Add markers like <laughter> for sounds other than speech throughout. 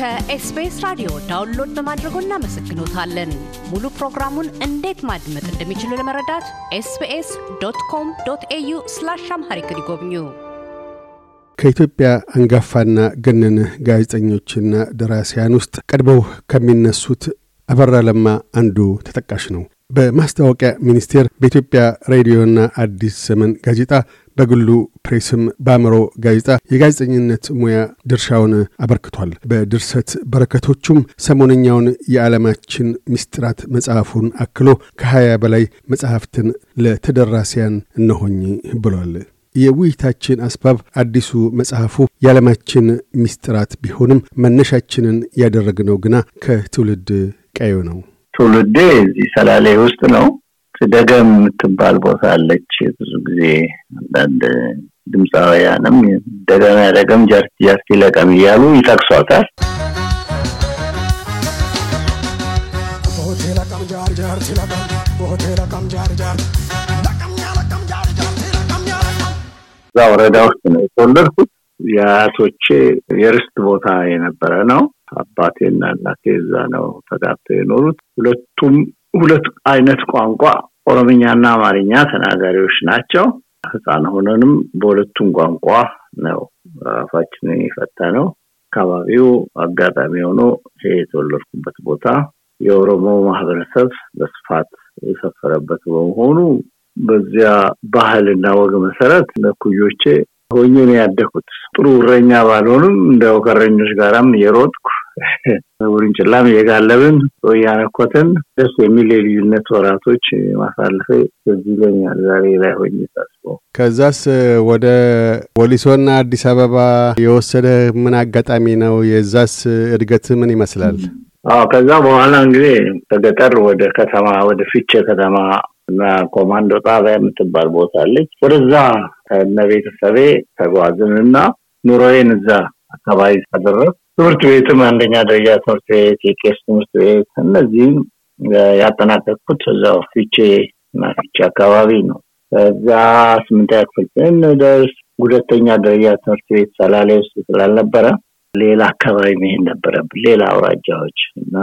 ከኤስቢኤስ ራዲዮ ዳውንሎድ በማድረጎ እናመሰግኖታለን። ሙሉ ፕሮግራሙን እንዴት ማድመጥ እንደሚችሉ ለመረዳት ኤስቢኤስ ዶት ኮም ዶት ኤዩ ስላሽ አምሃሪክ ይጎብኙ። ከኢትዮጵያ አንጋፋና ገነን ጋዜጠኞችና ደራሲያን ውስጥ ቀድመው ከሚነሱት አበራ ለማ አንዱ ተጠቃሽ ነው። በማስታወቂያ ሚኒስቴር በኢትዮጵያ ሬዲዮና አዲስ ዘመን ጋዜጣ በግሉ ፕሬስም በአእምሮ ጋዜጣ የጋዜጠኝነት ሙያ ድርሻውን አበርክቷል። በድርሰት በረከቶቹም ሰሞነኛውን የዓለማችን ምስጢራት መጽሐፉን አክሎ ከሀያ በላይ መጽሐፍትን ለተደራሲያን እነሆኝ ብሏል። የውይይታችን አስባብ አዲሱ መጽሐፉ የዓለማችን ምስጢራት ቢሆንም መነሻችንን ያደረግነው ግና ከትውልድ ቀዩ ነው። ትውልዴ እዚህ ሰላሌ ውስጥ ነው። ደገም የምትባል ቦታ አለች። ብዙ ጊዜ አንዳንድ ድምፃውያንም ደገም ያደገም ጃርቲ ለቀም እያሉ ይጠቅሷታል። እዛ ወረዳ ውስጥ ነው የተወለድኩት። የአያቶቼ የርስት ቦታ የነበረ ነው። አባቴና እናቴ እዛ ነው ተጋብተው የኖሩት። ሁለቱም ሁለት አይነት ቋንቋ ኦሮምኛና አማርኛ ተናጋሪዎች ናቸው። ህፃን ሆነንም በሁለቱም ቋንቋ ነው ራፋችንን የፈታ ነው። አካባቢው አጋጣሚ ሆኖ የተወለድኩበት ቦታ የኦሮሞ ማህበረሰብ በስፋት የሰፈረበት በመሆኑ በዚያ ባህልና ወግ መሰረት ለኩዮቼ ሆኜ ነው ያደኩት። ጥሩ እረኛ ባልሆንም እንደው ከረኞች ጋራም እየሮጥኩ <laughs> ውርንጭላም እየጋለብን እያነኮትን ደስ የሚል የልዩነት ወራቶች ማሳልፈ በዚህ ይለኛል ዛሬ ላይ ሆኝ ሳስበው። ከዛስ ወደ ወሊሶና አዲስ አበባ የወሰደ ምን አጋጣሚ ነው? የዛስ እድገት ምን ይመስላል? አዎ ከዛ በኋላ እንግዲህ ከገጠር ወደ ከተማ ወደ ፊቼ ከተማ እና ኮማንዶ ጣቢያ የምትባል ቦታ አለች። ወደዛ እነ ቤተሰቤ ተጓዝን እና ኑሮዬን እዛ አካባቢ ሳደረስ ትምህርት ቤትም አንደኛ ደረጃ ትምህርት ቤት፣ የቄስ ትምህርት ቤት እነዚህም ያጠናቀቅኩት እዛው ፊቼ እና ፊቼ አካባቢ ነው። እዛ ስምንታ ክፍል ስንደርስ ሁለተኛ ደረጃ ትምህርት ቤት ሰላሌ ውስጥ ስላልነበረ ሌላ አካባቢ መሄድ ነበረብን፣ ሌላ አውራጃዎች እና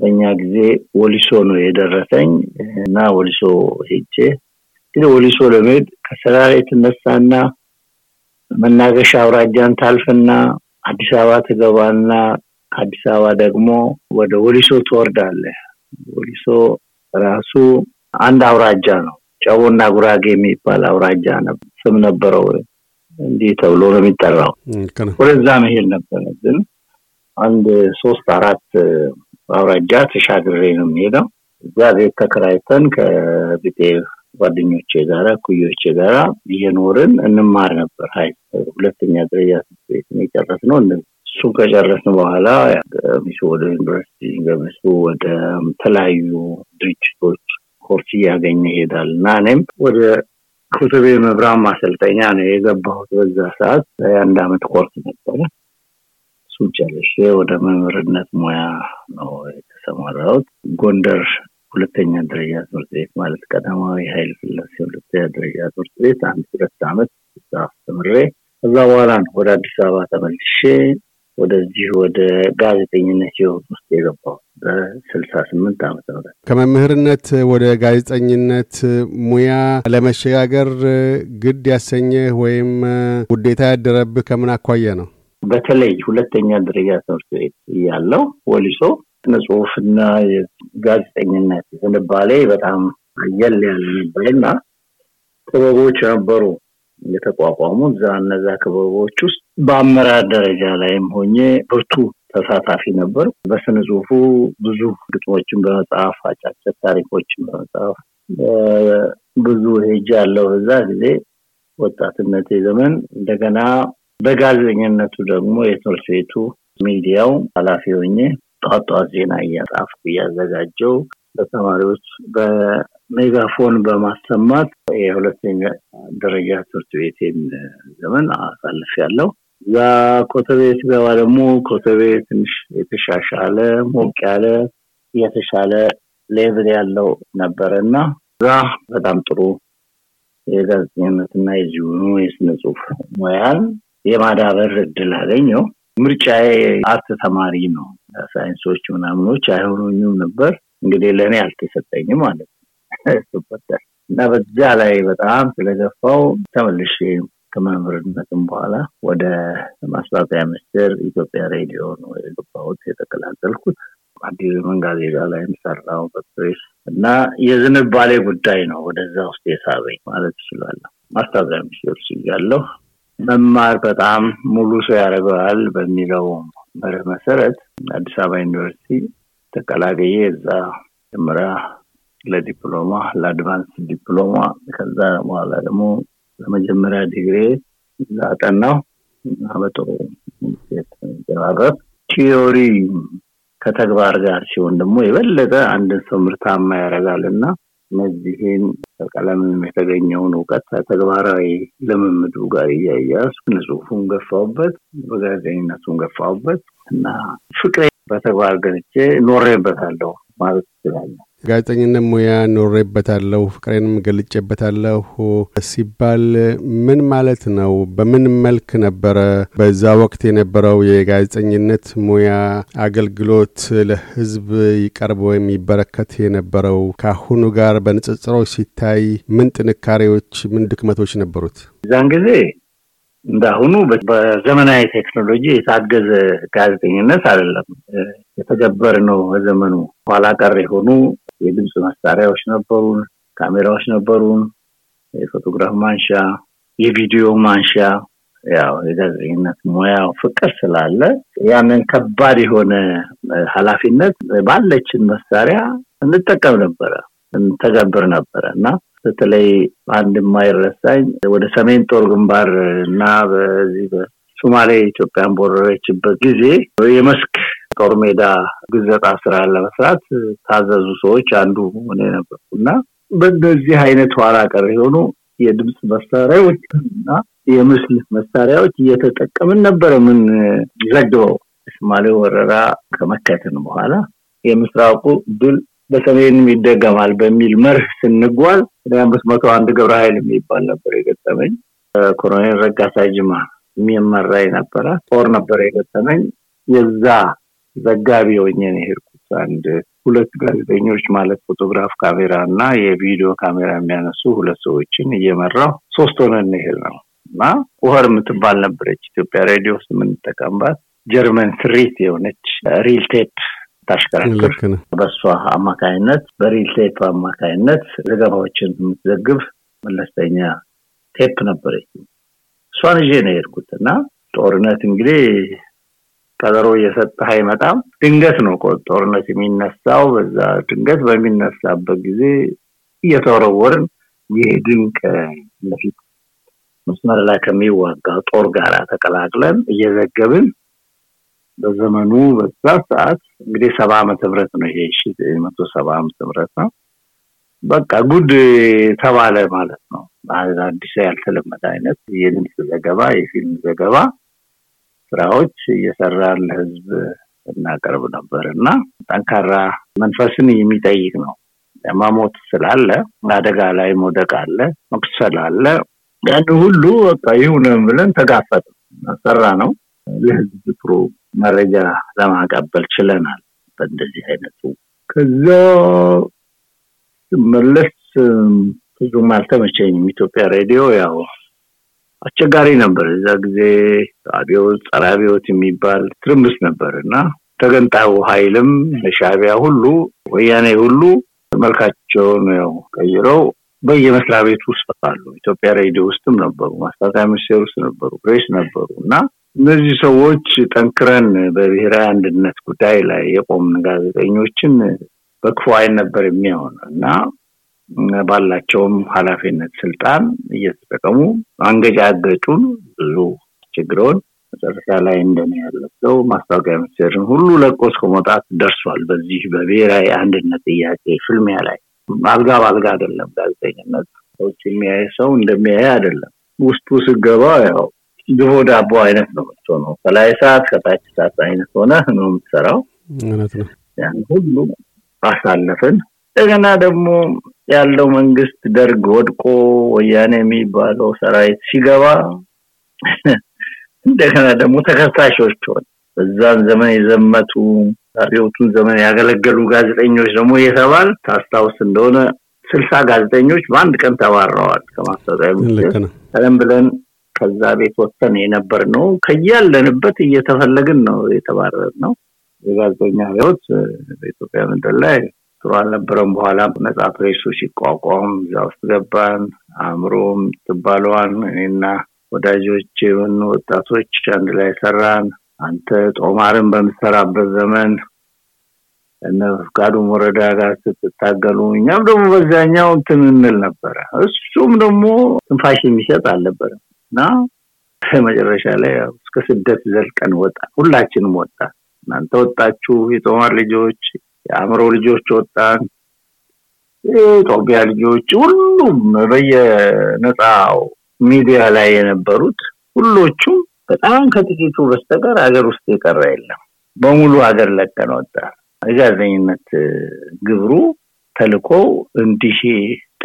በእኛ ጊዜ ወሊሶ ነው የደረሰኝ እና ወሊሶ ሄጄ እንግዲህ ወሊሶ ለመሄድ ከስራ ላይ ትነሳና መናገሻ አውራጃን ታልፍና አዲስ አበባ ትገባና አዲስ አበባ ደግሞ ወደ ወሊሶ ትወርዳለ ወሊሶ ራሱ አንድ አውራጃ ነው። ጨቦና ጉራጌ የሚባል አውራጃ ስም ነበረው። እንዲህ ተብሎ ነው የሚጠራው። ወደዛ መሄድ ነበረ ግን አንድ ሶስት አራት አውራጃ ተሻግሬ ነው የሚሄደው። እዛ ቤት ተከራይተን ከብጤ ጓደኞቼ ጋራ ኩዮቼ ጋራ እየኖርን እንማር ነበር። ሀይ ሁለተኛ ደረጃ ትምህርት ቤት ነው እሱ እሱን ከጨረስን በኋላ ሚሱ ወደ ዩኒቨርሲቲ ገሚሱ ወደ ተለያዩ ድርጅቶች ኮርስ እያገኘ ይሄዳል እና እኔም ወደ ኩትቤ መብራን ማሰልጠኛ ነው የገባሁት። በዛ ሰዓት የአንድ አመት ኮርስ ነበረ። እሱን ወደ መምህርነት ሙያ ነው የተሰማራሁት። ጎንደር ሁለተኛ ደረጃ ትምህርት ቤት ማለት ቀዳማዊ ኃይለ ሥላሴ ሁለተኛ ደረጃ ትምህርት ቤት አንድ ሁለት ዓመት እዛ አስተምሬ ከዛ በኋላ ነው ወደ አዲስ አበባ ተመልሼ ወደዚህ ወደ ጋዜጠኝነት ህይወት ውስጥ የገባው በስልሳ ስምንት ዓመተ ምህረት ከመምህርነት ወደ ጋዜጠኝነት ሙያ ለመሸጋገር ግድ ያሰኘህ ወይም ውዴታ ያደረብህ ከምን አኳየ ነው? በተለይ ሁለተኛ ደረጃ ትምህርት ቤት እያለሁ ወሊሶ ስነ ጽሁፍና የጋዜጠኝነት ዝንባሌ በጣም አየል ያለ ነበር እና ክበቦች ነበሩ የተቋቋሙ እዛ እነዛ ክበቦች ውስጥ በአመራር ደረጃ ላይም ሆኜ ብርቱ ተሳታፊ ነበር። በስነ ጽሁፉ ብዙ ግጥሞችን በመጽሐፍ አጫጭር ታሪኮችን በመጽሐፍ ብዙ ሄጃ ያለው በዛ ጊዜ ወጣትነቴ ዘመን እንደገና በጋዜጠኝነቱ ደግሞ የትምህርት ቤቱ ሚዲያው ኃላፊ ሆኜ ጠዋት ጠዋት ዜና እያጻፍኩ እያዘጋጀው ለተማሪዎች በሜጋፎን በማሰማት የሁለተኛ ደረጃ ትምህርት ቤቴን ዘመን አሳልፍ ያለው እዛ ኮተቤ ስገባ ደግሞ ኮተቤ ትንሽ የተሻሻለ ሞቅ ያለ የተሻለ ሌቭል ያለው ነበረ እና እዛ በጣም ጥሩ የጋዜጠኝነትና የዚሁኑ የስነ ጽሁፍ ሙያን የማዳበር እድል አገኘው። ምርጫዬ አርት ተማሪ ነው። ሳይንሶች ምናምኖች አይሆኑኝም ነበር። እንግዲህ ለእኔ አልተሰጠኝም ማለት ነው <laughs> እና በዛ ላይ በጣም ስለገፋው ተመልሽ ከመምህርነትም በኋላ ወደ ማስታወቂያ ሚኒስቴር ኢትዮጵያ ሬዲዮ ነው የገባሁት የተቀላቀልኩት። አዲስ ዘመን ጋዜጣ ላይም ሰራው በፕሬስ እና የዝንባሌ ጉዳይ ነው ወደዛ ውስጥ የሳበኝ ማለት ይችላለሁ። ማስታወቂያ ሚኒስቴር ውስጥ መማር በጣም ሙሉ ሰው ያደርገዋል በሚለው መርህ መሰረት አዲስ አበባ ዩኒቨርሲቲ ተቀላቀየ። እዛ ጀምራ ለዲፕሎማ ለአድቫንስ ዲፕሎማ ከዛ በኋላ ደግሞ ለመጀመሪያ ዲግሪ ዛጠናው ጠናው እና በጥሩ ቲዮሪ ከተግባር ጋር ሲሆን ደግሞ የበለጠ አንድን ሰው ምርታማ ያደርጋል እና እነዚህን ቀለም የተገኘውን እውቀት ተግባራዊ ልምምዱ ጋር እያያዝ ንጹሁን ገፋውበት፣ በጋዜጠኝነቱን ገፋውበት እና ፍቅሬ በተግባር ገንቼ ኖሬበታለሁ ማለት ይችላለሁ። ጋዜጠኝነት ሙያ ኖሬበታለሁ፣ ፍቅሬንም ገልጬበታለሁ ሲባል ምን ማለት ነው? በምን መልክ ነበረ በዛ ወቅት የነበረው የጋዜጠኝነት ሙያ አገልግሎት ለህዝብ ይቀርብ ወይም ይበረከት የነበረው? ከአሁኑ ጋር በንጽጽሮች ሲታይ ምን ጥንካሬዎች፣ ምን ድክመቶች ነበሩት? እዛን ጊዜ እንዳሁኑ በዘመናዊ ቴክኖሎጂ የታገዘ ጋዜጠኝነት አይደለም የተገበር ነው። በዘመኑ ኋላ ቀር የሆኑ የድምፅ መሳሪያዎች ነበሩን፣ ካሜራዎች ነበሩን፣ የፎቶግራፍ ማንሻ፣ የቪዲዮ ማንሻ። ያው የጋዜጠኝነት ሙያው ፍቅር ስላለ ያንን ከባድ የሆነ ኃላፊነት ባለችን መሳሪያ እንጠቀም ነበረ እንተገብር ነበረ እና በተለይ አንድ የማይረሳኝ ወደ ሰሜን ጦር ግንባር እና በዚህ በሶማሌ ኢትዮጵያን በወረረችበት ጊዜ የመስክ ጦር ሜዳ ግዘጣ ስራ ለመስራት ታዘዙ ሰዎች አንዱ ሆነ ነበርኩ እና በእንደዚህ አይነት ኋላ ቀር የሆኑ የድምፅ መሳሪያዎች እና የምስል መሳሪያዎች እየተጠቀምን ነበረ ምን ዘግበው የሶማሌ ወረራ ከመከትን በኋላ የምስራቁ ድል በሰሜንም ይደገማል በሚል መርህ ስንጓል ወደ አምስት መቶ አንድ ገብረ ሀይል የሚባል ነበር የገጠመኝ ኮሎኔል ረጋሳ ጅማ የሚመራ ነበረ ጦር ነበር የገጠመኝ የዛ ዘጋቢ ሆኜ ነው የሄድኩት። አንድ ሁለት ጋዜጠኞች ማለት ፎቶግራፍ ካሜራ እና የቪዲዮ ካሜራ የሚያነሱ ሁለት ሰዎችን እየመራው ሶስት ሆነን እንሄድ ነው እና ውህር የምትባል ነበረች ኢትዮጵያ ሬዲዮ ውስጥ የምንጠቀምባት ጀርመን ስሪት የሆነች ሪል ቴፕ ታሽከራክር በእሷ አማካይነት በሪል ቴፕ አማካይነት ዘገባዎችን የምትዘግብ መለስተኛ ቴፕ ነበረች። እሷን ይዤ ነው የሄድኩት እና ጦርነት እንግዲህ ቀጠሮ እየሰጠህ አይመጣም። ድንገት ነው ጦርነት የሚነሳው። በዛ ድንገት በሚነሳበት ጊዜ እየተወረወርን ይህ ድንቅ ለፊት መስመር ላይ ከሚዋጋ ጦር ጋር ተቀላቅለን እየዘገብን በዘመኑ በዛ ሰዓት እንግዲህ ሰባ አመት ህብረት ነው ይሄ ሺ መቶ ሰባ አመት ህብረት ነው። በቃ ጉድ ተባለ ማለት ነው። አዲስ ያልተለመደ አይነት የድምፅ ዘገባ የፊልም ዘገባ ስራዎች እየሰራ ለህዝብ እናቀርብ ነበር እና ጠንካራ መንፈስን የሚጠይቅ ነው። ለማሞት ስላለ፣ አደጋ ላይ መውደቅ አለ፣ መቁሰል አለ። ያን ሁሉ በቃ ይሁንም ብለን ተጋፈጥ ሰራ ነው። ለህዝብ ጥሩ መረጃ ለማቀበል ችለናል። በእንደዚህ አይነቱ ከዛ መለስ ብዙም አልተመቸኝም። ኢትዮጵያ ሬዲዮ ያው አስቸጋሪ ነበር። እዛ ጊዜ አብዮት፣ ጸረ አብዮት የሚባል ትርምስ ነበር እና ተገንጣዩ ሀይልም ሻዕቢያ ሁሉ ወያኔ ሁሉ መልካቸውን ያው ቀይረው በየመስሪያ ቤት ውስጥ አሉ። ኢትዮጵያ ሬዲዮ ውስጥም ነበሩ፣ ማስታወቂያ ሚኒስቴር ውስጥ ነበሩ፣ ፕሬስ ነበሩ እና እነዚህ ሰዎች ጠንክረን በብሔራዊ አንድነት ጉዳይ ላይ የቆምን ጋዜጠኞችን በክፉ ዓይን ነበር የሚሆን እና ባላቸውም ኃላፊነት ስልጣን እየተጠቀሙ አንገጫገጩን ብዙ ችግሮን መጨረሻ ላይ እንደኔ ያለው ማስታወቂያ ሚኒስቴርን ሁሉ ለቆ እስከ መውጣት ደርሷል። በዚህ በብሔራዊ አንድነት ጥያቄ ፍልሚያ ላይ አልጋ ባልጋ አይደለም ጋዜጠኝነት። ሰዎች የሚያየ ሰው እንደሚያየ አይደለም። ውስጡ ስገባ ያው ድሆ ዳቦ አይነት ነው ነው ከላይ ሰዓት ከታች ሰዓት አይነት ሆነ ነው የምትሰራው። ያን ሁሉ አሳለፍን። እንደገና ደግሞ ያለው መንግስት ደርግ ወድቆ ወያኔ የሚባለው ሰራዊት ሲገባ <laughs> እንደገና ደግሞ ተከሳሾች ሆነ በዛን ዘመን የዘመቱ አብዮቱን ዘመን ያገለገሉ ጋዜጠኞች ደግሞ የተባል ታስታውስ እንደሆነ ስልሳ ጋዜጠኞች በአንድ ቀን ተባረዋል ከማስታወቂያ ሚኒስቴር ቀደም ብለን ከዛ ቤት ወጥተን የነበር ነው ከያለንበት እየተፈለግን ነው የተባረር ነው የጋዜጠኛ ህይወት በኢትዮጵያ ምድር ላይ ጥሩ አልነበረም። በኋላ ነጻ ፕሬሱ ሲቋቋም እዛ ውስጥ ገባን። አእምሮም ትባለዋን እኔና ወዳጆች የሆኑ ወጣቶች አንድ ላይ ሰራን። አንተ ጦማርን በምሰራበት ዘመን እነ ፍቃዱም ወረዳ ጋር ስትታገሉ እኛም ደግሞ በዛኛው እንትን እንል ነበረ። እሱም ደግሞ ትንፋሽ የሚሰጥ አልነበረም እና መጨረሻ ላይ እስከ ስደት ዘልቀን ወጣ። ሁላችንም ወጣ። እናንተ ወጣችሁ የጦማር ልጆች የአእምሮ ልጆች ወጣን፣ የኢትዮጵያ ልጆች፣ ሁሉም በየነፃው ሚዲያ ላይ የነበሩት ሁሎቹም በጣም ከጥቂቱ በስተቀር ሀገር ውስጥ የቀረ የለም። በሙሉ ሀገር ለቀን ወጣ። የጋዜጠኝነት ግብሩ ተልኮ እንዲህ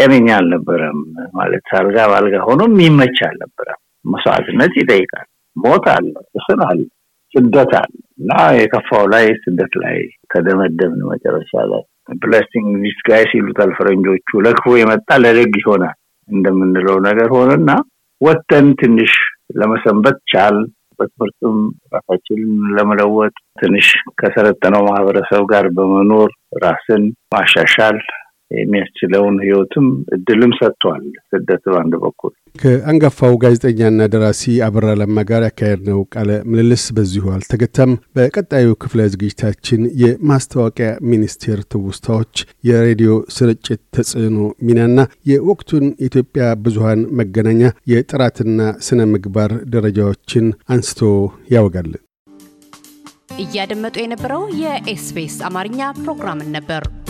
ጤነኛ አልነበረም ማለት አልጋ ባልጋ ሆኖ የሚመች አልነበረም። መስዋዕትነት ይጠይቃል። ሞት አለ፣ እስር አለ፣ ስደት አለ። እና የከፋው ላይ ስደት ላይ ተደመደምን መጨረሻ ላይ ብለሲንግ ጋይ ሲሉታል ፈረንጆቹ። ለክፉ የመጣ ለደግ ይሆናል እንደምንለው ነገር ሆነና ወተን ትንሽ ለመሰንበት ቻል። በትምህርትም ራሳችንን ለመለወጥ ትንሽ ከሰረጠነው ማህበረሰብ ጋር በመኖር ራስን ማሻሻል የሚያስችለውን ህይወትም እድልም ሰጥቷል። ስደት በአንድ በኩል ከአንጋፋው ጋዜጠኛና ደራሲ አበራ ለማ ጋር ያካሄድነው ቃለ ምልልስ በዚሁ አልተገታም። በቀጣዩ ክፍለ ዝግጅታችን የማስታወቂያ ሚኒስቴር ትውስታዎች፣ የሬዲዮ ስርጭት ተጽዕኖ ሚናና የወቅቱን የኢትዮጵያ ብዙሀን መገናኛ የጥራትና ስነ ምግባር ደረጃዎችን አንስቶ ያወጋልን እያደመጡ የነበረው የኤስቢኤስ አማርኛ ፕሮግራምን ነበር።